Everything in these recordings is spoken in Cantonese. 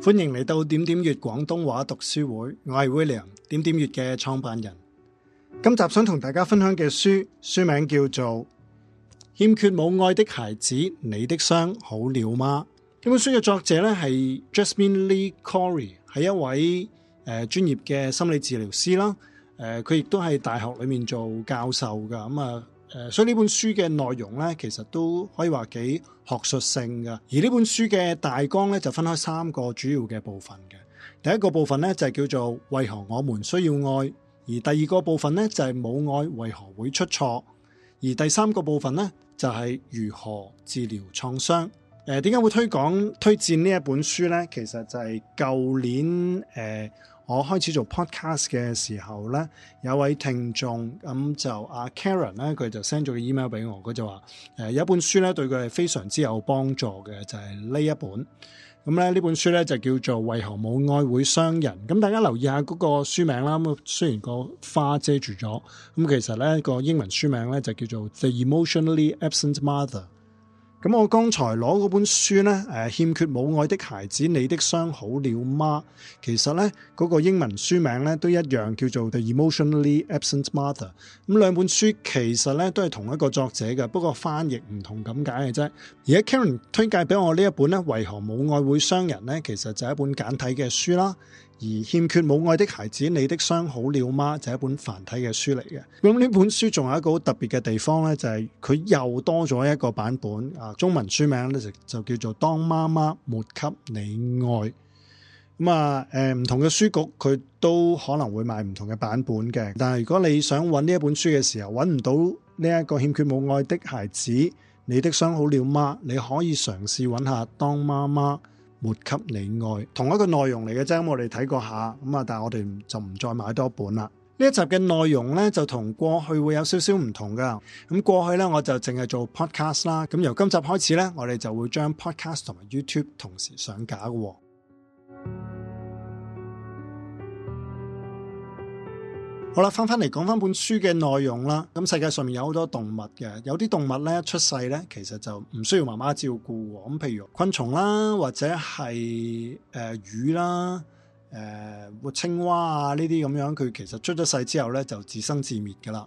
歡迎嚟到點點粵廣東話讀書會，我係 William，點點粵嘅創辦人。今集想同大家分享嘅書，書名叫做《欠缺母愛的孩子，你的傷好了嗎》。呢本書嘅作者咧係 Jasmin Lee Cori，係一位誒、呃、專業嘅心理治療師啦。誒、呃，佢亦都喺大學裏面做教授噶。咁、嗯、啊。呃誒、呃，所以呢本書嘅內容呢，其實都可以話幾學術性嘅。而呢本書嘅大綱呢，就分開三個主要嘅部分嘅。第一個部分呢，就係叫做為何我們需要愛，而第二個部分呢，就係、是、母愛為何會出錯，而第三個部分呢，就係、是、如何治療創傷。誒，點、呃、解會推廣推薦呢一本書呢？其實就係舊年誒。呃我開始做 podcast 嘅時候咧，有位聽眾咁、嗯、就阿、啊、Karen 咧，佢就 send 咗個 email 俾我，佢就話、呃、有一本書咧對佢係非常之有幫助嘅，就係、是、呢一本。咁咧呢本書咧就叫做為何母愛會傷人。咁、嗯、大家留意下嗰個書名啦。咁雖然個花遮住咗，咁、嗯、其實咧、個英文書名咧就叫做 The Emotionally Absent Mother。咁我剛才攞嗰本書咧，誒、啊、欠缺母愛的孩子，你的傷好了嗎？其實咧嗰、那個英文書名咧都一樣，叫做 The Emotionally Absent Mother。咁兩本書其實咧都係同一個作者嘅，不過翻譯唔同咁解嘅啫。而家 Karen 推介俾我呢一本咧，為何母愛會傷人咧，其實就係一本簡體嘅書啦。而欠缺母愛的孩子，你的傷好了嗎？就係，一本繁體嘅書嚟嘅。咁呢本書仲有一個好特別嘅地方呢，就係，是，佢又多咗一個版本。啊，中文書名咧就叫做當媽媽沒給你愛。咁啊，誒、呃，唔同嘅書局佢都可能會賣唔同嘅版本嘅。但係如果你想揾呢一本書嘅時候，揾唔到呢，這，一個欠缺母愛的孩子，你的傷好了嗎？你可以嘗試揾下當媽媽。沒，給你愛，同一個內容嚟嘅啫。咁我哋睇過下咁啊，但係我哋就唔再買多本啦。呢一集嘅內容咧就同過去會有少少唔同噶。咁過去咧我就淨係做 podcast 啦，咁由今集開始咧，我哋就會將 podcast 同埋 YouTube 同時上架嘅，哦。好啦，翻翻嚟講翻本書嘅內容啦。咁世界上面有好多動物嘅，有啲動物咧一出世咧，其實就唔需要媽媽照顧。咁譬如昆蟲啦，或者係誒、呃、魚啦，誒、呃、青蛙啊呢啲咁樣，佢其實出咗世之後咧就自生自滅噶啦。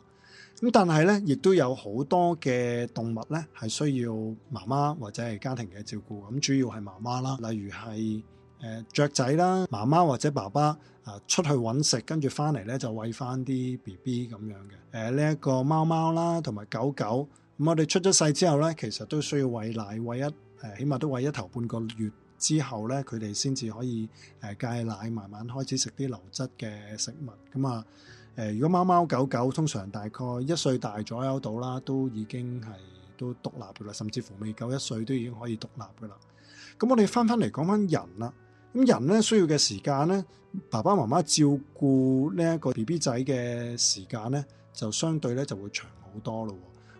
咁但係咧，亦都有好多嘅動物咧係需要媽媽或者係家庭嘅照顧。咁主要係媽媽啦，例如係。誒、呃、雀仔啦，媽媽或者爸爸啊、呃、出去揾食，跟住翻嚟咧就餵翻啲 B B 咁樣嘅。呢一個貓貓啦，同埋狗狗咁、嗯。我哋出咗世之後咧，其實都需要餵奶餵一誒、呃，起碼都餵一頭半個月之後咧，佢哋先至可以誒戒、呃、奶，慢慢開始食啲流質嘅食物咁啊、嗯呃。如果貓貓狗狗通常大概一歲大左右到啦，都已經係都獨立嘅啦，甚至乎未夠一歲都已經可以獨立嘅啦。咁我哋翻翻嚟講翻人啦。咁人咧，需要嘅時間咧，爸爸媽媽照顧呢一個 B B 仔嘅時間咧，就相對咧就會長好多咯。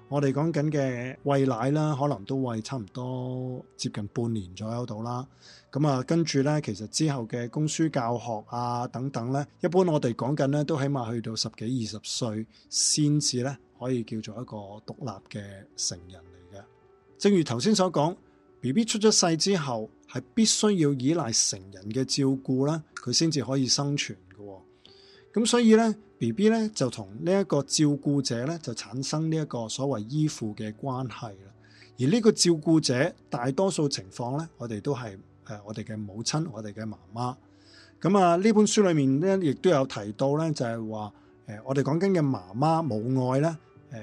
我哋講緊嘅餵奶啦，可能都餵差唔多接近半年左右到啦。咁、嗯、啊，跟住咧，其實之後嘅供書教學啊等等咧，一般我哋講緊咧，都起碼去到十幾二十歲先至咧，可以叫做一個獨立嘅成人嚟嘅。正如頭先所講，B B 出咗世之後，係必須要依賴成人嘅照顧啦，佢先至可以生存嘅、哦。咁所以咧，B B 咧就同呢一個照顧者咧就產生呢一個所謂依附嘅關係啦。而呢個照顧者大多數情況咧，我哋都係誒、呃、我哋嘅母親、我哋嘅媽媽。咁、呃、啊，呢本書裏面咧亦都有提到咧，就係話誒我哋講緊嘅媽媽母愛咧誒。呃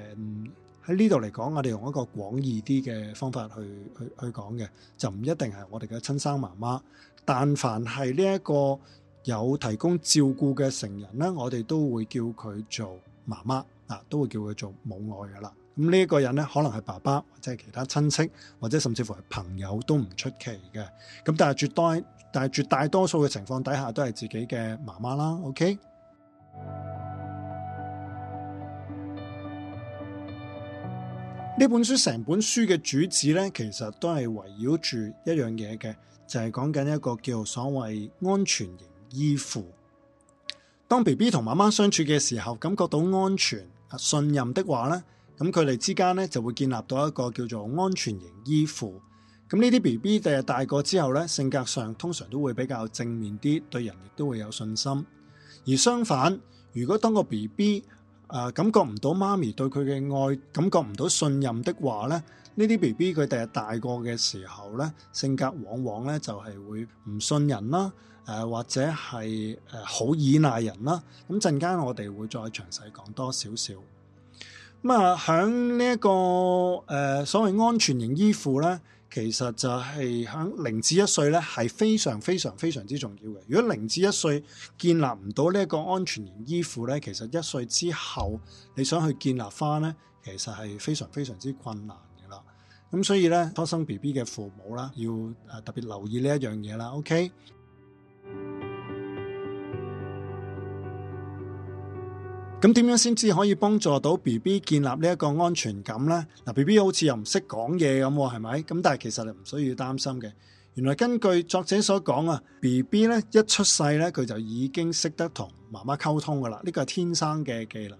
喺呢度嚟講，我哋用一個廣義啲嘅方法去去去講嘅，就唔一定係我哋嘅親生媽媽。但凡係呢一個有提供照顧嘅成人咧，我哋都會叫佢做媽媽啊，都會叫佢做母愛噶啦。咁呢一個人咧，可能係爸爸或者係其他親戚，或者甚至乎係朋友都唔出奇嘅。咁但係絕多，但係絕，絕大多數嘅情況底下都係自己嘅媽媽啦。OK。呢本書成本書嘅主旨呢，其實都係圍繞住一樣嘢嘅，就係講緊一個叫所謂安全型依附。當 B B 同媽媽相處嘅時候，感覺到安全信任的話呢，咁佢哋之間呢，就會建立到一個叫做安全型依附。咁呢啲 B B 第日大個之後呢，性格上通常都會比較正面啲，對人亦都會有信心。而相反，如果當個 B B 誒、呃、感覺唔到媽咪對佢嘅愛，感覺唔到信任的話咧，呢啲 B B 佢第日大個嘅時候咧，性格往往咧就係會唔信任啦、呃，或者係好依賴人啦。咁陣間我哋會再詳細講多少少。咁、嗯、啊，喺呢一個、呃、所謂安全型依附咧。其實就係響零至一歲咧，係非常非常非常之重要嘅。如果零至一歲建立唔到呢一個安全型依附咧，其實一歲之後你想去建立翻咧，其實係非常非常之困難嘅啦。咁所以咧，初生 B B 嘅父母啦，要誒特別留意呢一樣嘢啦。OK。咁點樣先至可以幫助到 B B 建立呢一個安全感呢？B B 好似又唔識講嘢咁，係咪？咁但係其實你唔需要擔心嘅。原來根據作者所講啊，B B 呢一出世呢，佢就已經識得同媽媽溝通㗎啦，呢個係天生嘅技能。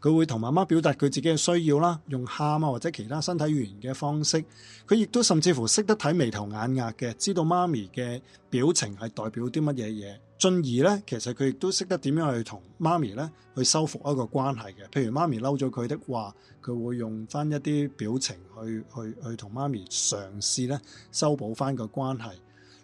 佢會同媽媽表達佢自己嘅需要啦，用喊啊或者其他身體語言嘅方式。佢亦都甚至乎識得睇眉頭眼額嘅，知道媽咪嘅表情係代表啲乜嘢嘢。進而呢，其實佢亦都識得點樣去同媽咪呢去修復一個關係嘅。譬如媽咪嬲咗佢的話，佢會用翻一啲表情去去同媽咪嘗試呢，修補翻個關係。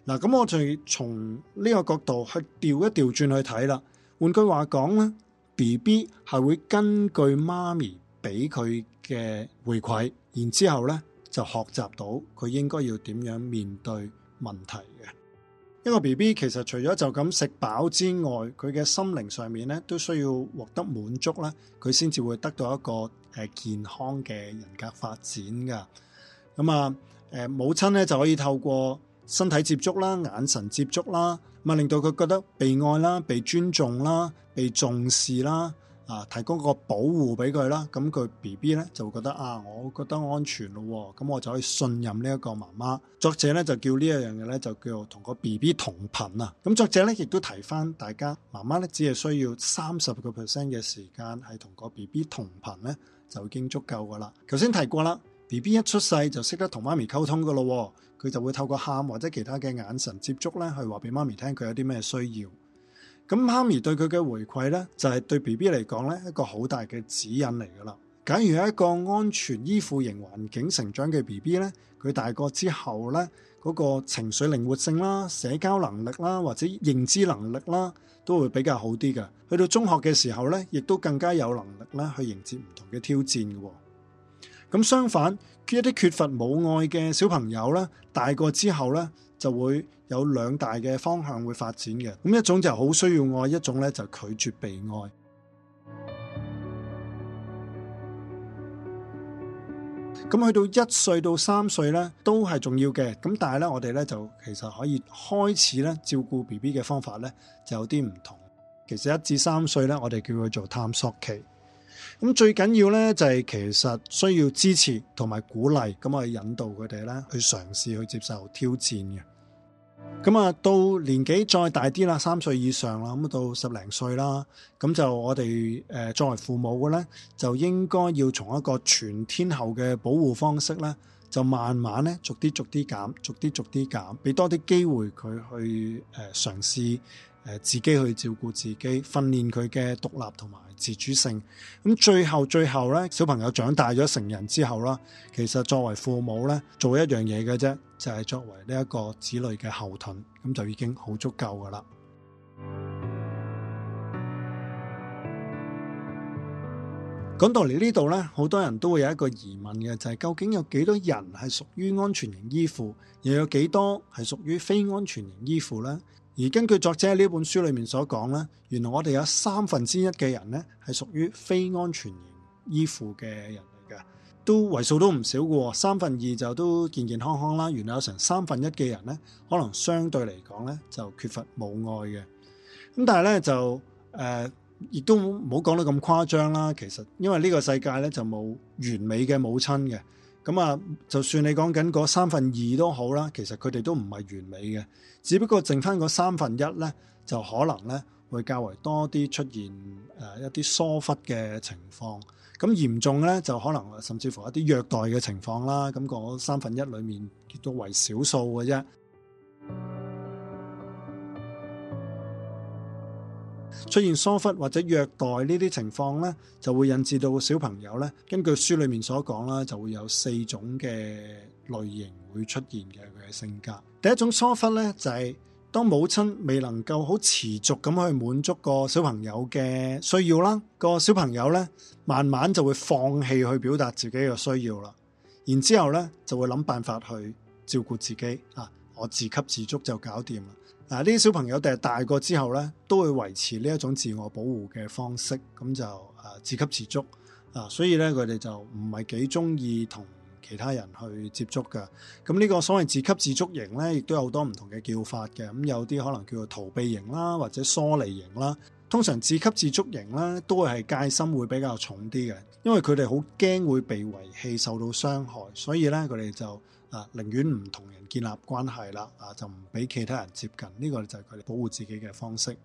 嗱、啊，咁我就從呢個角度去調一調轉去睇啦。換句話講咧。B B 係會根據媽咪俾佢嘅回饋，然之後咧就學習到佢應該要點樣面對問題嘅。一個 B B 其實除咗就咁食飽之外，佢嘅心靈上面咧都需要獲得滿足咧，佢先至會得到一個誒健康嘅人格發展噶。咁啊，誒母親咧就可以透過身體接觸啦、眼神接觸啦，咪令到佢覺得被愛啦、被尊重啦。被重視啦，啊，提供個保護俾佢啦，咁佢 B B 咧就會覺得啊，我覺得安全咯，咁我就可以信任呢一個媽媽。作者咧就叫呢一樣嘢咧就叫個 BB 同個 B B 同頻啊。咁作者咧亦都提翻大家，媽媽咧只係需要三十個 percent 嘅時間係同個 B B 同頻咧就已經足夠噶啦。頭先提過啦，B B 一出世就識得同媽咪溝通噶咯，佢就會透過喊或者其他嘅眼神接觸咧去話俾媽咪聽佢有啲咩需要。咁媽咪對佢嘅回饋咧，就係、是、對 B B 嚟講咧一個好大嘅指引嚟噶啦。假如係一個安全依附型環境成長嘅 B B 咧，佢大個之後咧嗰、那個情緒靈活性啦、社交能力啦或者認知能力啦，都會比較好啲嘅。去到中學嘅時候咧，亦都更加有能力啦去迎接唔同嘅挑戰、哦。咁相反，一啲缺乏母愛嘅小朋友咧，大個之後咧，就會有兩大嘅方向會發展嘅，咁一種就好需要愛，一種咧就拒絕被愛。咁去到一歲到三歲咧，都係重要嘅。咁但係咧，我哋咧就其實可以開始咧照顧 BB 嘅方法咧就有啲唔同。其實一至三歲咧，我哋叫佢做探索期。咁最緊要咧就係其實需要支持同埋鼓勵，咁我哋引導佢哋咧去嘗試去接受挑戰嘅。咁啊，到年紀再大啲啦，三歲以上啦，咁到十零歲啦，咁就我哋誒作為父母嘅咧，就應該要從一個全天候嘅保護方式咧，就慢慢咧逐啲逐啲減，逐啲逐啲減，俾多啲機會佢去誒嘗試。自己去照顧自己，訓練佢嘅獨立同埋自主性。咁最後最後咧，小朋友長大咗成人之後啦，其實作為父母咧，做一樣嘢嘅啫，就係作為呢一個子女嘅後盾，咁就已經好足夠噶啦。講到嚟呢度咧，好多人都會有一個疑問嘅，就係究竟有幾多人係屬於安全型依附，又有幾多係屬於非安全型依附呢？而根據作者呢本書裏面所講呢，原來我哋有三分之一嘅人呢，係屬於非安全型依附嘅人嚟嘅，都為數都唔少嘅喎。三分二就都健健康康啦，原來有成三分一嘅人呢，可能相對嚟講呢就缺乏母愛嘅。咁但係呢，就誒，亦、呃、都冇講得咁誇張啦。其實因為呢個世界呢，就冇完美嘅母親嘅。咁啊，就算你講緊嗰三分二都好啦，其實佢哋都唔係完美嘅，只不過剩返嗰三分一呢，就可能呢會較為多啲出現誒一啲疏忽嘅情況。咁嚴重呢，就可能甚至乎一啲虐待嘅情況啦。咁嗰三分一裡面，亦都為少數嘅啫。出現疏忽或者虐待呢啲情況呢，就會引致到小朋友呢，根據書裡面所講啦，就會有四種嘅類型會出現嘅佢嘅性格。第一種疏忽呢，就係當母親未能夠好持續咁去滿足個小朋友嘅需要啦，個小朋友呢，慢慢就會放棄去表達自己嘅需要啦，然之後呢就會諗辦法去照顧自己啊，我自給自足就搞掂啦。嗱，呢啲小朋友第日大個之後咧，都會維持呢一種自我保護嘅方式，咁就誒自給自足啊，所以咧佢哋就唔係幾中意同其他人去接觸嘅。咁呢個所謂自給自足型咧，亦都有好多唔同嘅叫法嘅，咁有啲可能叫做逃避型啦，或者疏離型啦。通常自給自足型咧，都係戒心會比較重啲嘅，因為佢哋好驚會被遺棄、受到傷害，所以咧佢哋就啊寧願唔同人建立關係啦，啊就唔俾其他人接近，呢個就係佢哋保護自己嘅方式。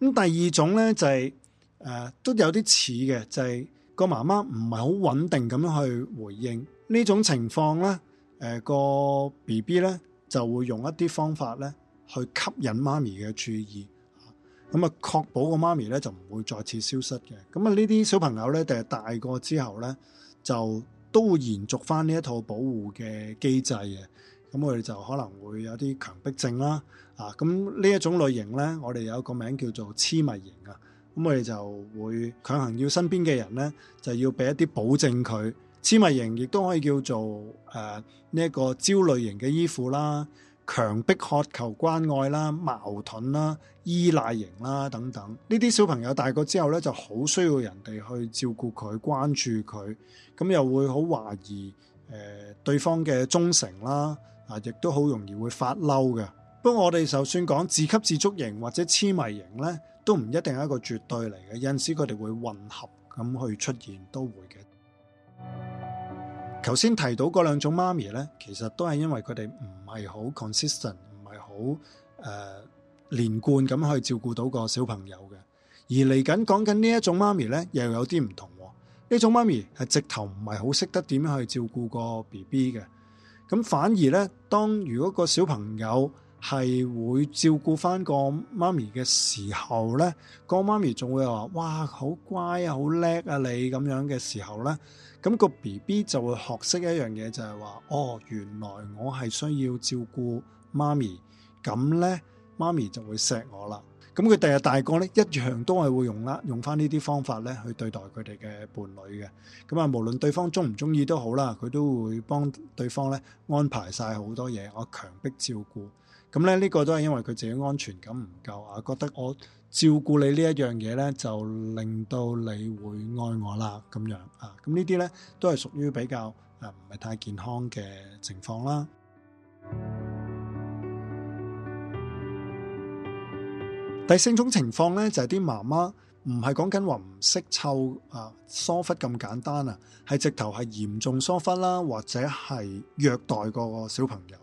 咁第二種咧就係誒都有啲似嘅，就係個媽媽唔係好穩定咁樣去回應呢種情況咧，誒個 B B 咧就會用一啲方法咧去吸引媽咪嘅注意。咁啊，確保個媽咪咧就唔會再次消失嘅。咁啊，呢啲小朋友咧，第日大個之後咧，就都會延續翻呢一套保護嘅機制嘅。咁我哋就可能會有啲強迫症啦。啊，咁呢一種類型咧，我哋有一個名叫做癡迷型啊。咁我哋就會強行要身邊嘅人咧，就要俾一啲保證佢。癡迷型亦都可以叫做呢一、呃這個焦慮型嘅依附啦。強迫渴求關愛啦、矛盾啦、依賴型啦等等，呢啲小朋友大個之後咧，就好需要人哋去照顧佢、關注佢，咁又會好懷疑誒、呃、對方嘅忠誠啦，啊，亦都好容易會發嬲嘅。不過我哋就算講自給自足型或者痴迷型咧，都唔一定係一個絕對嚟嘅，有陣時佢哋會混合咁去出現都會嘅。頭先提到嗰兩種媽咪呢，其實都係因為佢哋唔係好 consistent，唔係好誒連貫咁去照顧到個小朋友嘅。而嚟緊講緊呢一種媽咪呢，又有啲唔同。呢種媽咪係直頭唔係好識得點樣去照顧個 B B 嘅。咁反而呢，當如果個小朋友，係會照顧翻個媽咪嘅時候咧，個媽咪仲會話：，哇，好乖啊，好叻啊，你咁樣嘅時候咧，咁個 B B 就會學識一樣嘢，就係話：，哦，原來我係需要照顧媽咪，咁咧，媽咪就會錫我啦。咁佢第日大個咧，一樣都係會用啦，用翻呢啲方法咧去對待佢哋嘅伴侶嘅。咁啊，無論對方中唔中意都好啦，佢都會幫對方咧安排晒好多嘢，我強迫照顧。咁咧，呢個都係因為佢自己安全感唔夠啊，覺得我照顧你呢一樣嘢呢，就令到你會愛我啦咁樣啊。咁呢啲呢，都係屬於比較啊唔係太健康嘅情況啦。第四種情況呢，就係啲媽媽唔係講緊話唔識湊啊疏忽咁簡單啊，係直頭係嚴重疏忽啦，或者係虐待個小朋友。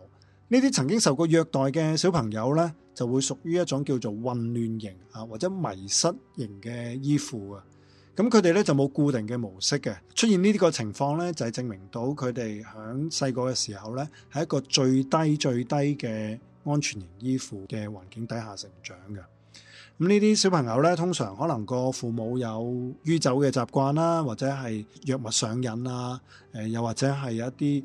呢啲曾經受過虐待嘅小朋友呢，就會屬於一種叫做混亂型啊，或者迷失型嘅依附啊。咁佢哋呢，就冇固定嘅模式嘅。出現呢啲個情況呢，就係、是、證明到佢哋響細個嘅時候呢，喺一個最低最低嘅安全型依附嘅環境底下成長嘅。咁呢啲小朋友呢，通常可能個父母有酗酒嘅習慣啦，或者係藥物上癮啊，誒、呃、又或者係一啲。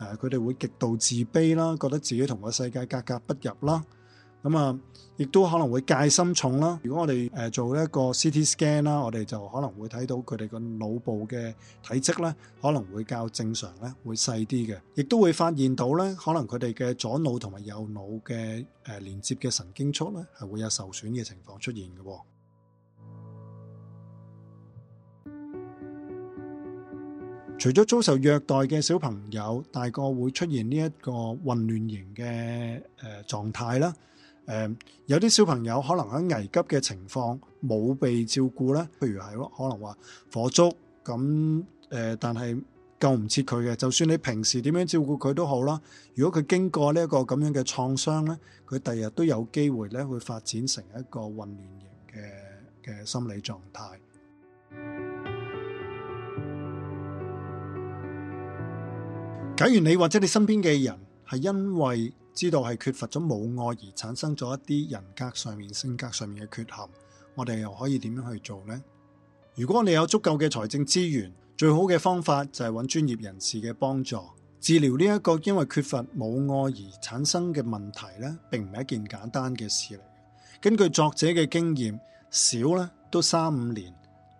誒佢哋會極度自卑啦，覺得自己同個世界格格不入啦。咁啊，亦都可能會戒心重啦。如果我哋誒做一個 CT scan 啦，我哋就可能會睇到佢哋個腦部嘅體積咧，可能會較正常咧，會細啲嘅，亦都會發現到咧，可能佢哋嘅左腦同埋右腦嘅誒連接嘅神經束咧，係會有受損嘅情況出現嘅。除咗遭受虐待嘅小朋友，大個會出現呢一個混亂型嘅誒、呃、狀態啦。誒、呃，有啲小朋友可能喺危急嘅情況冇被照顧咧，譬如係咯，可能話火燭咁誒，但係救唔切佢嘅。就算你平時點樣照顧佢都好啦，如果佢經過呢、這、一個咁樣嘅創傷咧，佢第日，日都有機會咧會發展成一個混亂型嘅嘅心理狀態。假如你或者你身邊嘅人係因為知道係缺乏咗母愛而產生咗一啲人格上面、性格上面嘅缺陷，我哋又可以點樣去做呢？如果你有足夠嘅財政資源，最好嘅方法就係揾專業人士嘅幫助。治療呢一個因為缺乏母愛而產生嘅問題呢，並唔係一件簡單嘅事嚟。根據作者嘅經驗，少呢都三五年，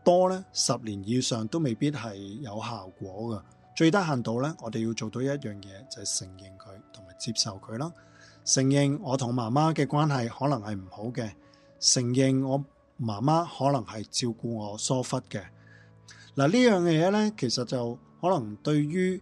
多呢十年以上都未必係有效果㗎。最低限度咧，我哋要做到一樣嘢就係、是、承認佢同埋接受佢啦。承認我同媽媽嘅關係可能係唔好嘅，承認我媽媽可能係照顧我疏忽嘅嗱。啊、樣呢樣嘢咧，其實就可能對於誒、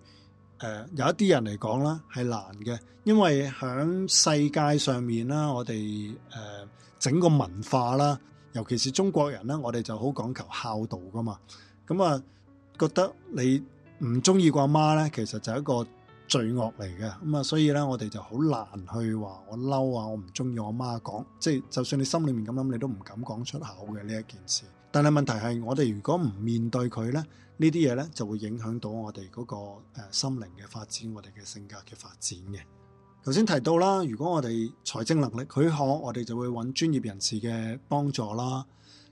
呃、有一啲人嚟講啦，係難嘅，因為喺世界上面啦，我哋誒、呃、整個文化啦，尤其是中國人咧，我哋就好講求孝道噶嘛，咁、嗯、啊覺得你，唔中意個阿媽呢，其實就係一個罪惡嚟嘅。咁啊，所以呢，我哋就好難去話我嬲啊，我唔中意我媽講，即係就算你心裏面咁諗，你都唔敢講出口嘅呢一件事。但係問題係，我哋如果唔面對佢呢，呢啲嘢呢，就會影響到我哋嗰個誒心靈嘅發展，我哋嘅性格嘅發展嘅。頭先提到啦，如果我哋財政能力許可，我哋就會揾專業人士嘅幫助啦。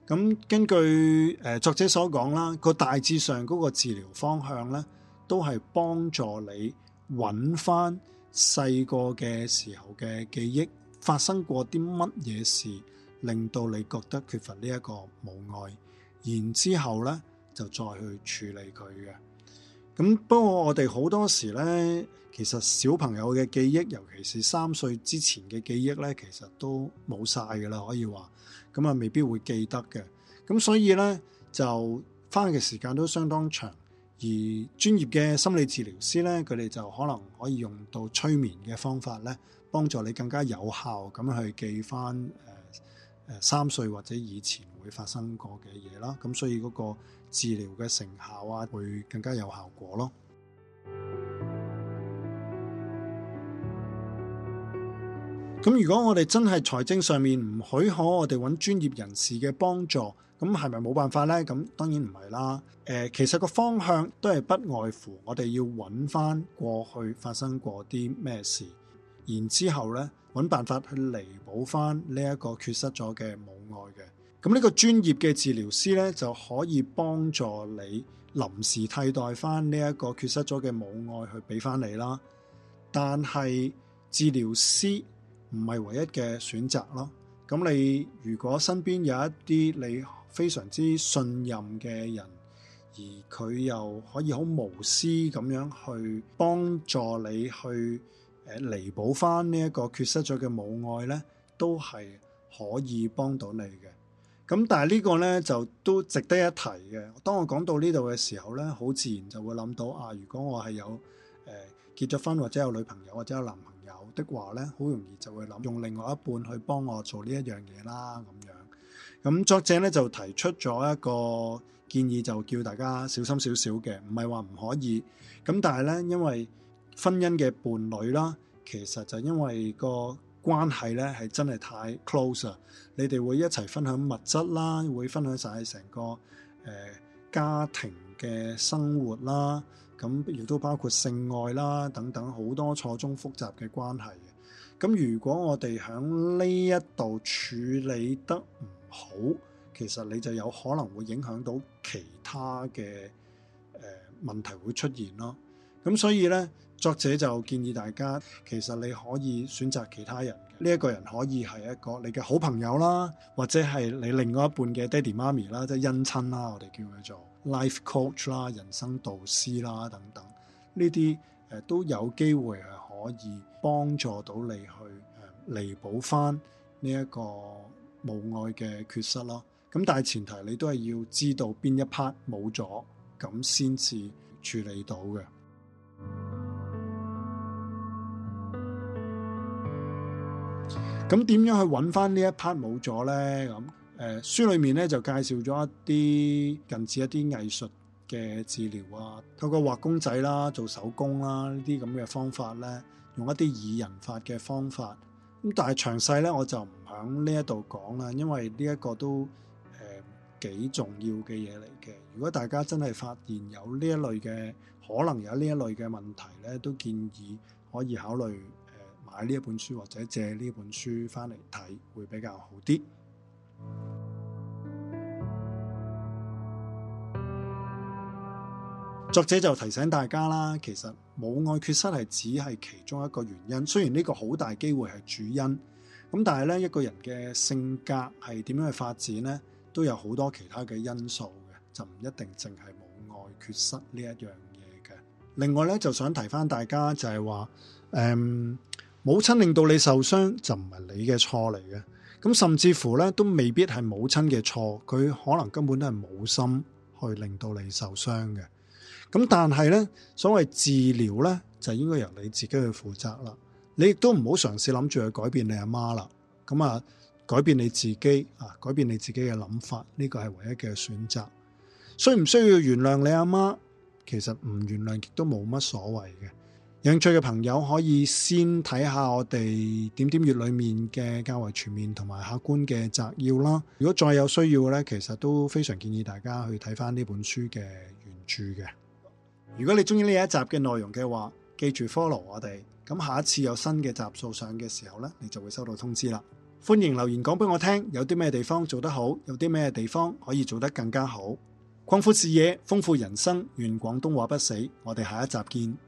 咁根據誒作者所講啦，個大致上嗰個治療方向咧，都係幫助你揾翻細個嘅時候嘅記憶，發生過啲乜嘢事，令到你覺得缺乏呢一個母愛，然之後咧就再去處理佢嘅。咁不過我哋好多時咧，其實小朋友嘅記憶，尤其是三歲之前嘅記憶咧，其實都冇晒噶啦，可以話，咁啊未必會記得嘅。咁所以咧，就翻去嘅時間都相當長。而專業嘅心理治療師咧，佢哋就可能可以用到催眠嘅方法咧，幫助你更加有效咁去記翻誒誒三歲或者以前會發生過嘅嘢啦。咁所以嗰、那個。治療嘅成效啊，會更加有效果咯。咁如果我哋真係財政上面唔許可，我哋揾專業人士嘅幫助，咁係咪冇辦法呢？咁當然唔係啦。誒、呃，其實個方向都係不外乎我哋要揾翻過去發生過啲咩事，然之後呢，揾辦法去彌補翻呢一個缺失咗嘅母愛嘅。咁呢個專業嘅治療師呢，就可以幫助你臨時替代翻呢一個缺失咗嘅母愛去俾翻你啦。但係治療師唔係唯一嘅選擇咯。咁你如果身邊有一啲你非常之信任嘅人，而佢又可以好無私咁樣去幫助你去誒彌補翻呢一個缺失咗嘅母愛呢，都係可以幫到你嘅。咁但係呢個呢，就都值得一提嘅。當我講到呢度嘅時候呢，好自然就會諗到啊！如果我係有、呃、結咗婚或者有女朋友或者有男朋友嘅話呢，好容易就會諗用另外一半去幫我做呢一樣嘢啦咁樣。咁、嗯、作者呢，就提出咗一個建議，就叫大家小心少少嘅，唔係話唔可以。咁但係呢，因為婚姻嘅伴侶啦，其實就因為個，關係咧係真係太 close 啊！你哋會一齊分享物質啦，會分享晒成個誒、呃、家庭嘅生活啦，咁亦都包括性愛啦等等，好多錯綜複雜嘅關係。咁如果我哋喺呢一度處理得唔好，其實你就有可能會影響到其他嘅誒、呃、問題會出現咯。咁所以呢。作者就建議大家，其實你可以選擇其他人，呢、這、一個人可以係一個你嘅好朋友啦，或者係你另外一半嘅爹哋媽咪啦，即係姻親啦，我哋叫佢做 life coach 啦、人生導師啦等等，呢啲、呃、都有機會係可以幫助到你去彌補返呢一個母愛嘅缺失咯。咁但係前提你都係要知道邊一 part 冇咗，咁先至處理到嘅。咁點樣去揾翻呢一 part 冇咗咧？咁誒、呃、書裏面咧就介紹咗一啲近似一啲藝術嘅治療啊，透過畫公仔啦、做手工啦呢啲咁嘅方法咧，用一啲擬人法嘅方法。咁但係詳細咧我就唔響呢一度講啦，因為呢一個都誒幾、呃、重要嘅嘢嚟嘅。如果大家真係發現有呢一類嘅，可能有呢一類嘅問題咧，都建議可以考慮。買呢一本書或者借呢一本書翻嚟睇會比較好啲。作者就提醒大家啦，其實母愛缺失係只係其中一個原因，雖然呢個好大機會係主因咁，但係咧一個人嘅性格係點樣去發展呢，都有好多其他嘅因素嘅，就唔一定淨係母愛缺失呢一樣嘢嘅。另外咧，就想提翻大家就係話，誒、嗯。母親令到你受傷就唔係你嘅錯嚟嘅，咁甚至乎呢，都未必係母親嘅錯，佢可能根本都係冇心去令到你受傷嘅。咁但係呢，所謂治療呢，就應該由你自己去負責啦。你亦都唔好嘗試諗住去改變你阿媽啦。咁啊，改變你自己啊，改變你自己嘅諗法，呢個係唯一嘅選擇。需唔需要原諒你阿媽？其實唔原諒亦都冇乜所謂嘅。興趣嘅朋友可以先睇下我哋點點閱裏面嘅較為全面同埋客觀嘅摘要啦。如果再有需要呢，其實都非常建議大家去睇翻，呢本書嘅原著嘅。如果你中意呢一集嘅內容嘅話，記住 follow 我哋。咁下一次有新嘅集數上嘅時候呢，你就會收到通知啦。歡迎留言講俾我聽，有啲咩地方做得好，有啲咩地方可以做得更加好，擴闊視野，豐富人生。願廣東話不死。我哋下一集見。